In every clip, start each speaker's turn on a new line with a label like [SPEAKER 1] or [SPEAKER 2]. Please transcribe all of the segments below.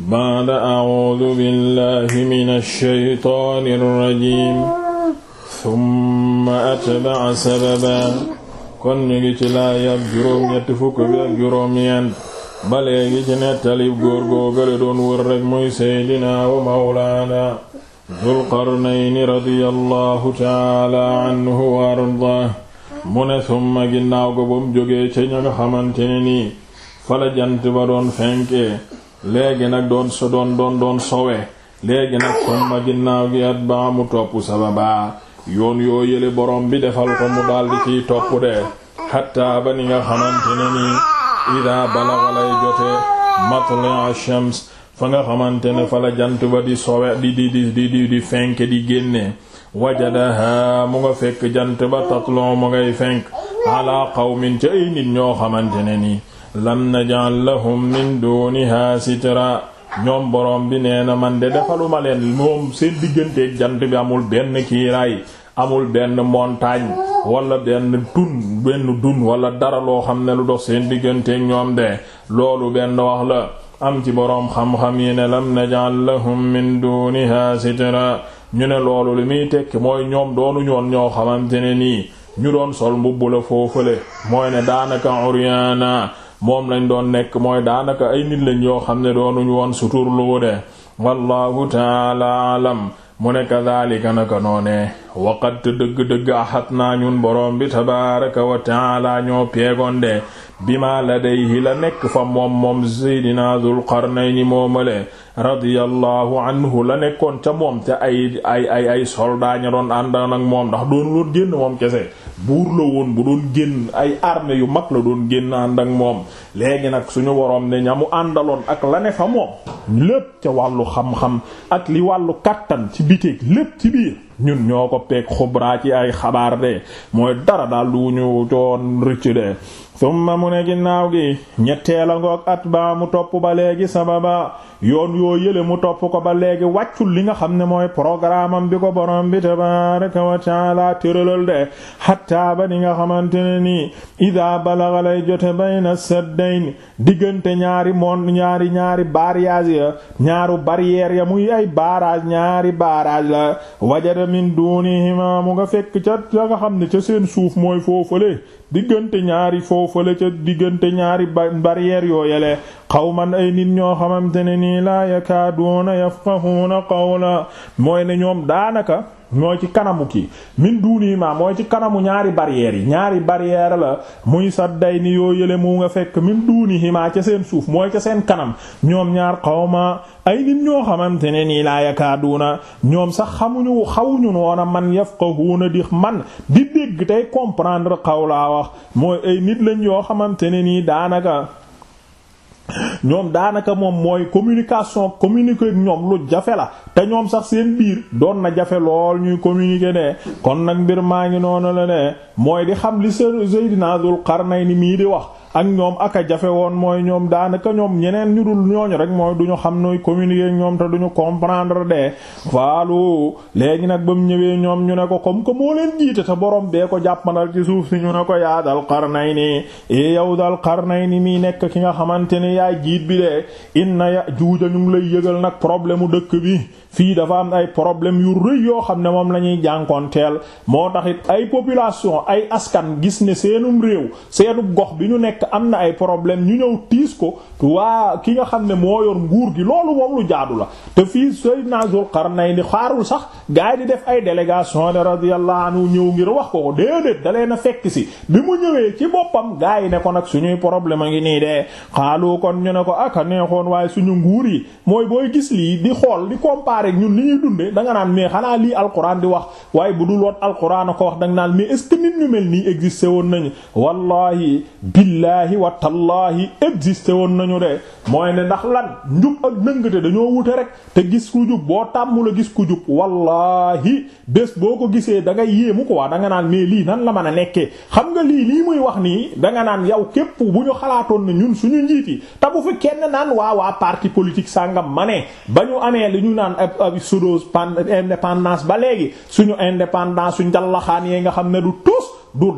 [SPEAKER 1] ba'da a'uudu billahi mina shaytaani rajiim summa atba'a sababa kon ñu ngi ci laayab juróom-ñett fukk bi ak juróom-ñeent ba gi ci nettalib góor googale doon wër rekk muy seydinaa wa mawlaana Dul Qarnayni radiyallahu ta'ala anhu wa ardaah mu ne summa ginnaaw ko bam jógee ca ña nga ne nii fala jant ba doon fenkee léegi nag doon so doon doon doon léegi nag kon ma ginnaaw gi at ba mu topp sababa yoon yoo yële borom bi defal ko mu daldi ciy topp de xatta ba ni nga xamante ne nii ida balaga lay jote matla shams fa nga xamante ne fa la jant ba di sowe di di di di di di fenk di génne wajadaha mu nga fekk jant ba tatlon mu ngay fenk ala qawmin ci ay nit ñoo xamante ne nii lam na lahum min duniha sitra ñoom borom bi nee na man de defaluma leen moom seen digganteeg jant bi amul benn kiiraay amul benn montagne wala benn tun benn dun wala dara loo xam ne lu dox seen digganteeg ñoom de loolu benn wax la am ci boroom xam-xam yi ne lam naj'al lahum min duniha ñu ne loolu li muy tekki mooy ñoom doonu ñoon ñoo xamante ne nii ñu doon sol mbubb la foofale mooy ne daanaka uryaana moom lañ doon nekk mooy daanaka ay nit lañ yoo xam ne doonuñu woon suturlu de wallahu taala alam mu ne kadhalika naka noone waqat dëgg-dëgg axat naa ñun boroom bi tabaraka wa taala ñoo peegoon de bima ladayhi la nekk fa moom moom seydina Dul Qarnayni moomale radiyallahu anhu la nekkoon ca moom ca ay ay ay ay soldat ña doon àndaan moom ndax doonu loon génn moom kese buur la woon bu doon génn ay armée yu mag la doon génn ànd
[SPEAKER 2] ak moom léegi nag suñu woroom ne ñamu àndaloon ak la ne fa moom lépp ca wàllu xam-xam ak li wàllu kàttan ci biteeg lépp ci biir ñun ñoo ko peeg xubraa ci ay xabaar de mooy dara daal lu ñu doon rëcc de summa mu ne ginnaaw gi ñetteela ngoog at ba mu topp ba léegi sababa yoon yoo yële mu topp ko ba léegi wàccul li nga xam ne mooy programme am bi ko borom bi tabaraka wa taala tëralal de hatta ba ni nga xamante ne nii ida balaga lay jote bayna saddayn diggante ñaari moon ñaari ñaari barrage ya ñaaru barrière ya muy ay barrage ñaari barrage la wajada min dunihima mu nga fekk ca la nga xam ne ca seen suuf mooy foofale diggante ñaari foofale ca diggante ñaari barrière yooyale xawman ay nit ñoo xamante ne nii laa yakaaduna yafqahuna qawla mooy ñoom daanaka mooy ci kanamu kii min duuni ma mooy ci kanamu ñaari barrières yi ñaari barrière la muy sadday ni yoo yële mu nga fekk min duuni seen suuf mooy ca seen kanam ñoom ñaar xawma ay nit ñoo xamante ne nii laa yakaaduna ñoom sax xamuñu xawuñu noona man yafqahuna di man di dégg tey comprendre qawla mooy ay nit lañ yoo xamante ne nii daanaka ñoom daanaka moom mooy communication communiquer ak lu jafe la te ñoom sax seen biir doon na jafe lool ñuy communiquer ne kon nag mbir maa ngi noonu la ne mooy di xam li Seydina Dul Qarnayni mii di wax. ak ñoom ak jafe woon mooy ñoom daanaka ñoom ñeneen ñu dul ñooñu rek mooy du xam nooy communiquer ñoom te du ñu comprendre de waalu léegi nag ba mu ñëwee ñoom ñu ne ko comme que moo leen jiite te borom bee ko jàppandal ci suuf si ñu ne ko yaa Dal Qarnayni e yow Dal nii mii nekk ki nga xamante ne yaay jiit bi de inna ya juuja ñum lay yëgal nag problème mu dëkk bi fii dafa am ay problème yu rëy yoo xam ne moom la ñuy jànkoonteel moo taxit ay population ay askan gis ne seenum réew te am na ay problème ñu ñëw tiis ko waa ki nga xam ne moo yor nguur gi loolu moom lu jaadu la te fii xar Sayyidina ni xaarul sax gars yi di def ay délégation de radiyallahu anhu ñëw ngir wax ko ko déedéet dalee na fekk si bi mu ñëwee ci boppam gars yi ne ko nag suñuy problème a ngi nii de xaaloo kon ñu ne ko ak neexoon waaye suñu nguur yi mooy booy gis lii di xool di comparer ñun li ñuy dundee da nga naan mais xanaa lii alquran di wax waaye bu dul woon alquran ko wax da naan mais est-ce que nit woon nañu billaahi wa tallaahi existé woon nañu de mooy ne ndax lan njub ak nëngate dañoo wute rek te gis ku jub boo tàmmul a gis ku jub wallaahi bés boo ko gisee da nga yéemu ko waa da nga naan mais lii nan la mën a nekkee xam nga lii lii muy wax nii da nga naan yow képp bu ñu xalaatoon na ñun suñu njiit yi te bu fi kenn naan waa waa parti politique sàngam ma ne ba ñu amee li ñu naan ab ab pseudo indépendance ba léegi suñu indépendance su njallaxaan yee nga xam ne du tus du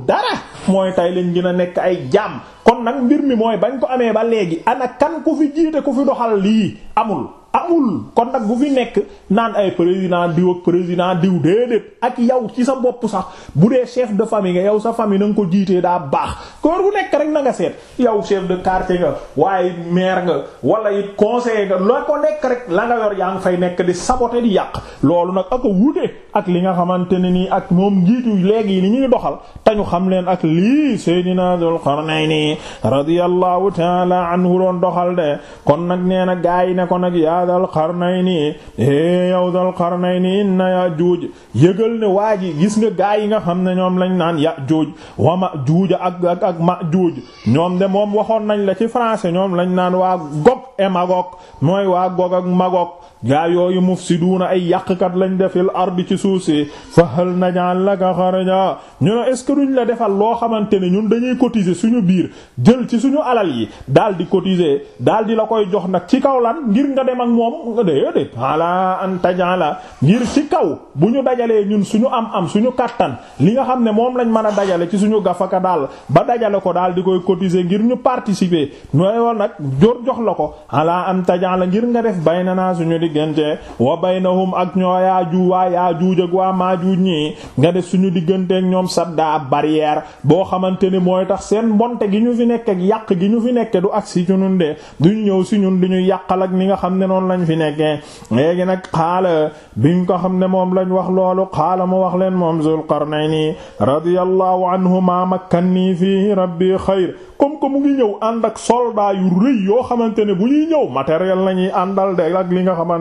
[SPEAKER 2] mooy tey lañ gën a nekk ay jàmm kon nag mbir mi mooy bañ ko amee ba léegi ana kan ku fi jiite ku fi doxal lii amul amul kon nag bu fi nekk naan ay président diw ak président diw déedéet ak yow ci sa bopp sax bu dee chef de famille nga yow sa famille na nga ko jiitee daa baax kër bu nekk rek na nga seet yow chef de quartier nga waaye maire nga wala it conseiller nga loo ko nekk rek la nga yor yaa ngi fay nekk di saboter di yàq loolu nag ak a wuute ak li nga xamante ne nii ak moom njiitu léegi li ñuy doxal tañu xam leen ak lii Seydina Dul Qarnayni radiyallahu taala anhu doon doxal de kon nag nee na gaa yi ne ko nag yaa Dul Qarnayni eh yow Dul Qarnayni inna Yaajuuj yëgal ne waa ji gis nga gaa yi nga xam ne ñoom lañ naan Yaajuuj wa Maajuuj ak ak ak juuj ñoom de moom waxoon nañ la ci français ñoom lañ naan waa Gog et Magog mooy waa Gog ak Magog. gaa yooyu mufsiduuna ay yàqkat lañ defil ardi ci suuf si fa hal naj'al laka xaraja ñu ne est-ce que duñ la defal loo xamante ne ñun dañuy cotiser suñu biir jël ci suñu alal yi daal di cotiser daal di la koy jox nag ci kaw lan ngir nga dem ak moom nga déedéet ala an taj'ala ngir ci kaw bu ñu dajalee ñun suñu am am suñu kattan li nga xam ne moom lañ mën a dajale ci suñu gafaka daal ba dajale ko daal di koy cotiser ngir ñu participer ñooy woon nag joor jox la ko ala an taj'ala ngir nga def baynana suñu diggante wa baynahum ak ñoo yaaju waa yaajuuj ak waa maajuuj ñi nga def suñu digganteek ñoom sadda ab barrière boo xamante ne mooy tax seen mbonte gi ñu fi nekk ak yàq gi ñu fi nekk du ak si ci ñun de duñu ñëw si ñun duñu yàqal ak ni nga xam ne noon lañ fi nekkee léegi nag xaala biñ ko xam ne moom lañ wax loolu xaala mu wax leen moom Zul Qarnayni radiyallahu anhuma makkanni fihi rabbi xayr comme que mu ngi ñëw ànd ak soldat yu rëy yoo xamante bu ñuy ñëw matériel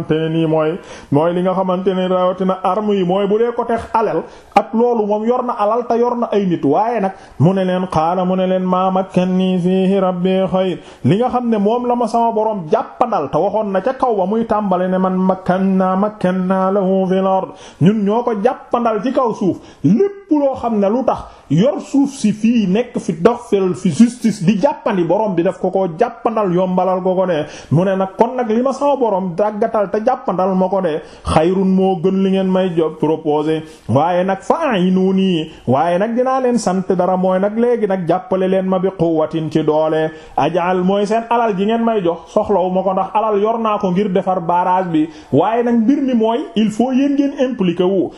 [SPEAKER 2] xamante nii mooy mooy li nga xamante ne rawatina arme yi mooy bu dee ko tex alal ak loolu moom yor na alal te yor na ay nit waaye nag mu ne leen xaala mu ne leen ma makkanni fihi rabbi xayr li nga xam ne moom la ma sama borom jàppandal te waxoon na ca kaw ba muy tàmbale ne man naa makkanna makkanna lahu fil ard ñun ñoo ko jàppandal ci kaw suuf lépp loo xam ne lu tax yor suuf si fii nekk fi dox feral fi justice di jàppandi boroom bi def ko ko jàppandal yombalal ko ko ne mu ne nag kon nag li ma sama borom dàggatal te jàppandal ma ko de xayrun moo gën li ngeen may job proposé waaye nag fa an yi noonii waaye nag dinaa leen sant dara mooy nag léegi nag jàppale leen ma bi quwwatin ci doole ajaal mooy seen alal ji ngeen may jox soxlawu ma ko ndax alal yor naa ko ngir defar barrage bi waaye nag mbir mi mooy il faut yéen ngeen impliqué wu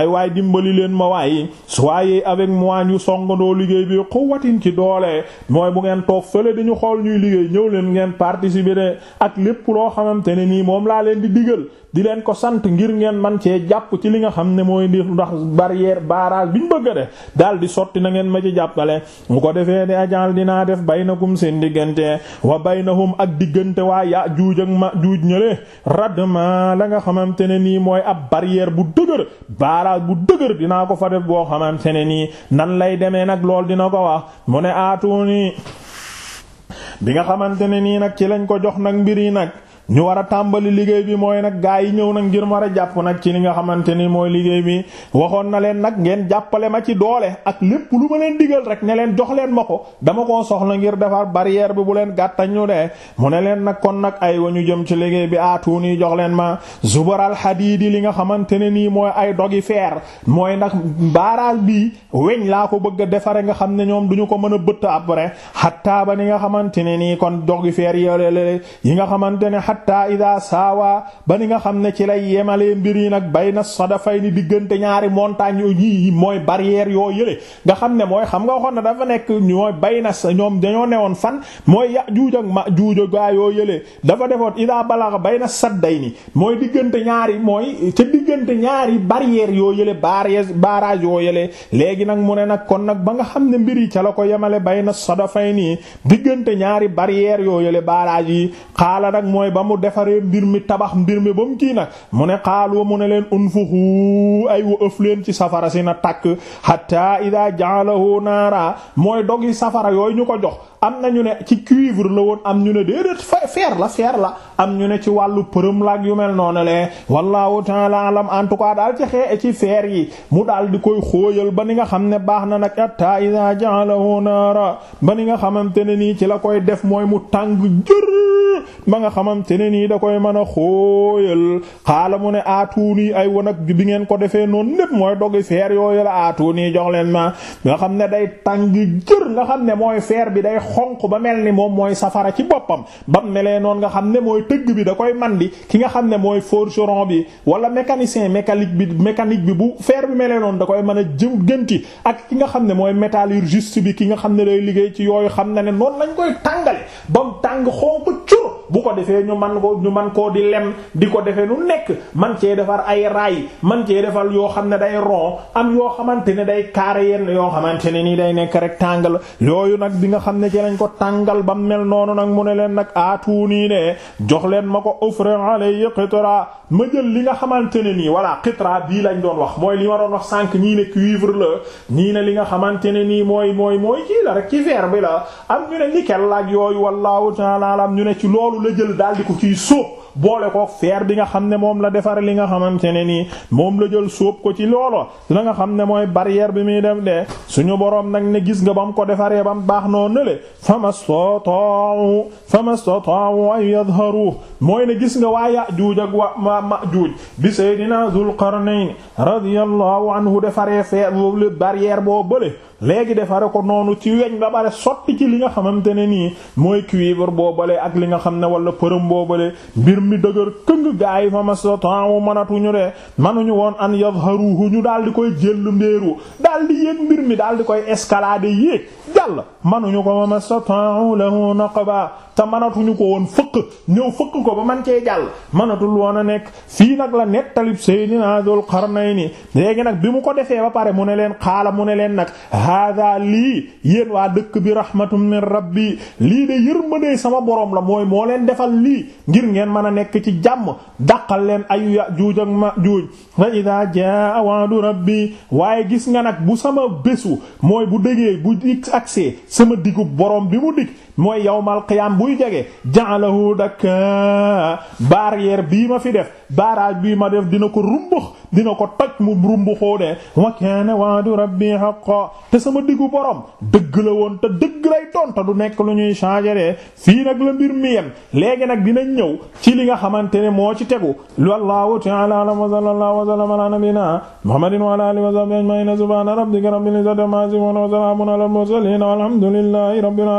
[SPEAKER 2] ay waay dimbali leen ma waay soyez avec moi ñu songandoo liggéey bi quwwatin ci doole mooy bu ngeen toog fële dañu xool ñuy liggéey ñëw leen ngeen participer ak lépp loo xamante ne nii moom laa leen di diggal di leen ko sant ngir ngeen man cee jàpp ci li nga xam ne mooy ndi ndax barrière barrage bi ñu bëgg a def daal di sotti na ngeen ma ci jàppale mu ko defee di ajal dinaa def bay na baynakum seen diggante wa baynahum ak diggante waa yaa juuj ak ma juuj ñële radma la nga xamante ne nii mooy ab barrière bu dëgër barrage bu dëgër dinaa ko fa def boo xamante ne nii nan lay demee nag lool dina ko wax mu ne aatu ni bi nga xamante ne nii nag ci lañ ko jox nag mbir yi nag ñu war a tàmbali liggéey bi mooy nag gaa yi ñëw nag ngir war a jàpp nag ci li nga xamante ni mooy liggéey bi waxoon na leen nag ngeen jàppale ma ci doole ak lépp lu ma leen digal rek ne leen jox leen ma ko dama koo soxla ngir defar barrière bi bu leen gàttañ ñu de mu ne leen nag kon nag ay wa ñu jëm ci liggéey bi aatu aatuuni jox leen ma zubaral xadiidi li nga xamante ne nii mooy ay dogi feer mooy nag baaraal bii weñ laa ko bëgg a defare nga xam ne ñoom duñu ko mën a bëtt après xattaa ba ni nga xamante ne nii kon dogi feer yoolelé yi xatta ida saawa ba ni nga xam ne ci lay yemalee mbir yi nag bay na sadafay nii diggante ñaari montagne yi mooy barrière yoo yële nga xam ne mooy xam nga waxoon na dafa nekk mooy bay na ñoom dañoo newoon fan mooy Yaajuuj ak Maajuuj gaa yoo yële dafa defoon ida balaxa bay na sadday ni mooy diggante ñaari mooy ca diggante ñaari barrière yoo yële barrière barrage yoo yële léegi nag mu ne nag kon nag ba nga xam ne mbir yi ca la ko yemale bay na sadafay ni diggante ñaari barrière yoo xaala nag mooy ba mu defaree mbir mi tabax mbir mi ba mu kii nag mu ne xaalu mu ne leen unfuxu ay wa ëf ci safara si na tàkk hatta ida ja'alahu naara mooy dogi safara yooyu ñu ko jox am na ñu ne ci cuivre la woon am ñu ne déedéet fer la fer la am ñu ne ci wàllu përëm la ak yu mel noonu le wallahu ta'ala alam en tout cas daal ci xee ci fer yi mu daal di koy xóoyal ba ni nga xam ne baax na nag hatta iza ja'alahu naara ba ni nga xamante ne nii ci la koy def mooy mu tàng jër ba nga xamante ne nii da koy mën a xóoyal xaala mu ne aatuuni ay wanag bi ngeen ko defee noonu lépp mooy doggi feer yooyu la aatuuni jox leen ma nga xam ne day xonq ba mel ni moom mooy safara ci boppam bam melee noonu nga xam ne mooy tëgg bi da koy mandi ki nga xam ne mooy forgeron bi wala mécanicien mécanique bi mécanique bi bu fer bi melee noonu da koy mën a jëm gënti ak ki nga xam ne mooy métallurgiste bi ki nga xam ne lay liggéey ci yooyu xam na ne noonu lañ koy tàngale bam tàng xonq bu ko defee ñu man ko ñu man koo di lem di ko defee nu nekk man cee defar ay raay man cee defal yoo xam ne day rond am yoo xamante ne day carré yenn yoo xamante ne nii day nekk rectangle yooyu nag bi nga xam ne ci lañ ko tàngal ba mel noonu nag mu ne leen nag aatuunii ne jox leen ma ko offre alayhi qitra ma jël li nga xamante ne nii voilà qitra bii lañ doon wax mooy li ma doon wax sànq ñii ne cuivre la ñii ne li nga xamante ne nii mooy mooy mooy kii la rek ci verre bi la am ñu ne laaj yooyu wallahu ta'ala ñu ne ci loolu la jël daal di ko ciy sóob boole ko feer bi nga xam ne moom la defaree li nga xamante ne nii moom la jël sóob ko ci loolo la nga xam ne mooy barrière bi muy dem de suñu boroom nag ne gis nga ba mu ko defaree ba mu baax noonu la famastata'u famastata'u ay yadharu mooy ne gis nga waa Yaajuuj ak waa Maajuuj bi Sayidina Zul Qarnayn radiyallahu anhu defaree feer barrière boo bële léegi defare ko noonu ci weñ ba bare sotti ci li nga xamante ne nii mooy cuivre boobale ak li nga xam ne wala përëm boobale mbir mi dëgër këng gaa yi fa masata'u manatuñu de manuñu woon an yadharuhu ñu daal di koy jël ndéeru daal di yéeg mbir mi daal di koy escalader yéeg jàll manuñu ko fa masata'u lahu naqba te mënatuñu ko woon fëkk ñëw fëkk ko ba man cee jàll mënatul woon a nekk fii nag la nettalib Seydina Dul ni léegi nag bi mu ko defee ba pare mu ne leen xaala mu ne leen nag hada lii yéen waa dëkk bi rahmatun min rabbi lii de yërmande sama boroom la mooy moo leen defal lii ngir ngeen mën a nekk ci jàmm dàqal leen ayu Yajuuj ma juuj fa idaa jaa wa'du rabbi waaye gis nga nag bu sama bésu mooy bu dëggee bu x agsee sama digub borom bi mu dig mooy buy jege ja'alahu dakka barrière bii ma fi def barrage bii ma def dina ko rumbux dina ko toj mu rumbuxoo de wa kaana wa'du rabbi haqqan te sama diggu borom dëgg la woon te dëgg lay doon te du nekk lu ñuy changer de fii nag la mbir mi yem léegi nag dina ñëw ci li
[SPEAKER 1] nga xamante ne moo ci tegu wallahu ta'ala a'lam wa sallallahu wa sallama ala nabiyyina muhammadin wa ala alihi wa sahbihi ajma'in
[SPEAKER 2] subhana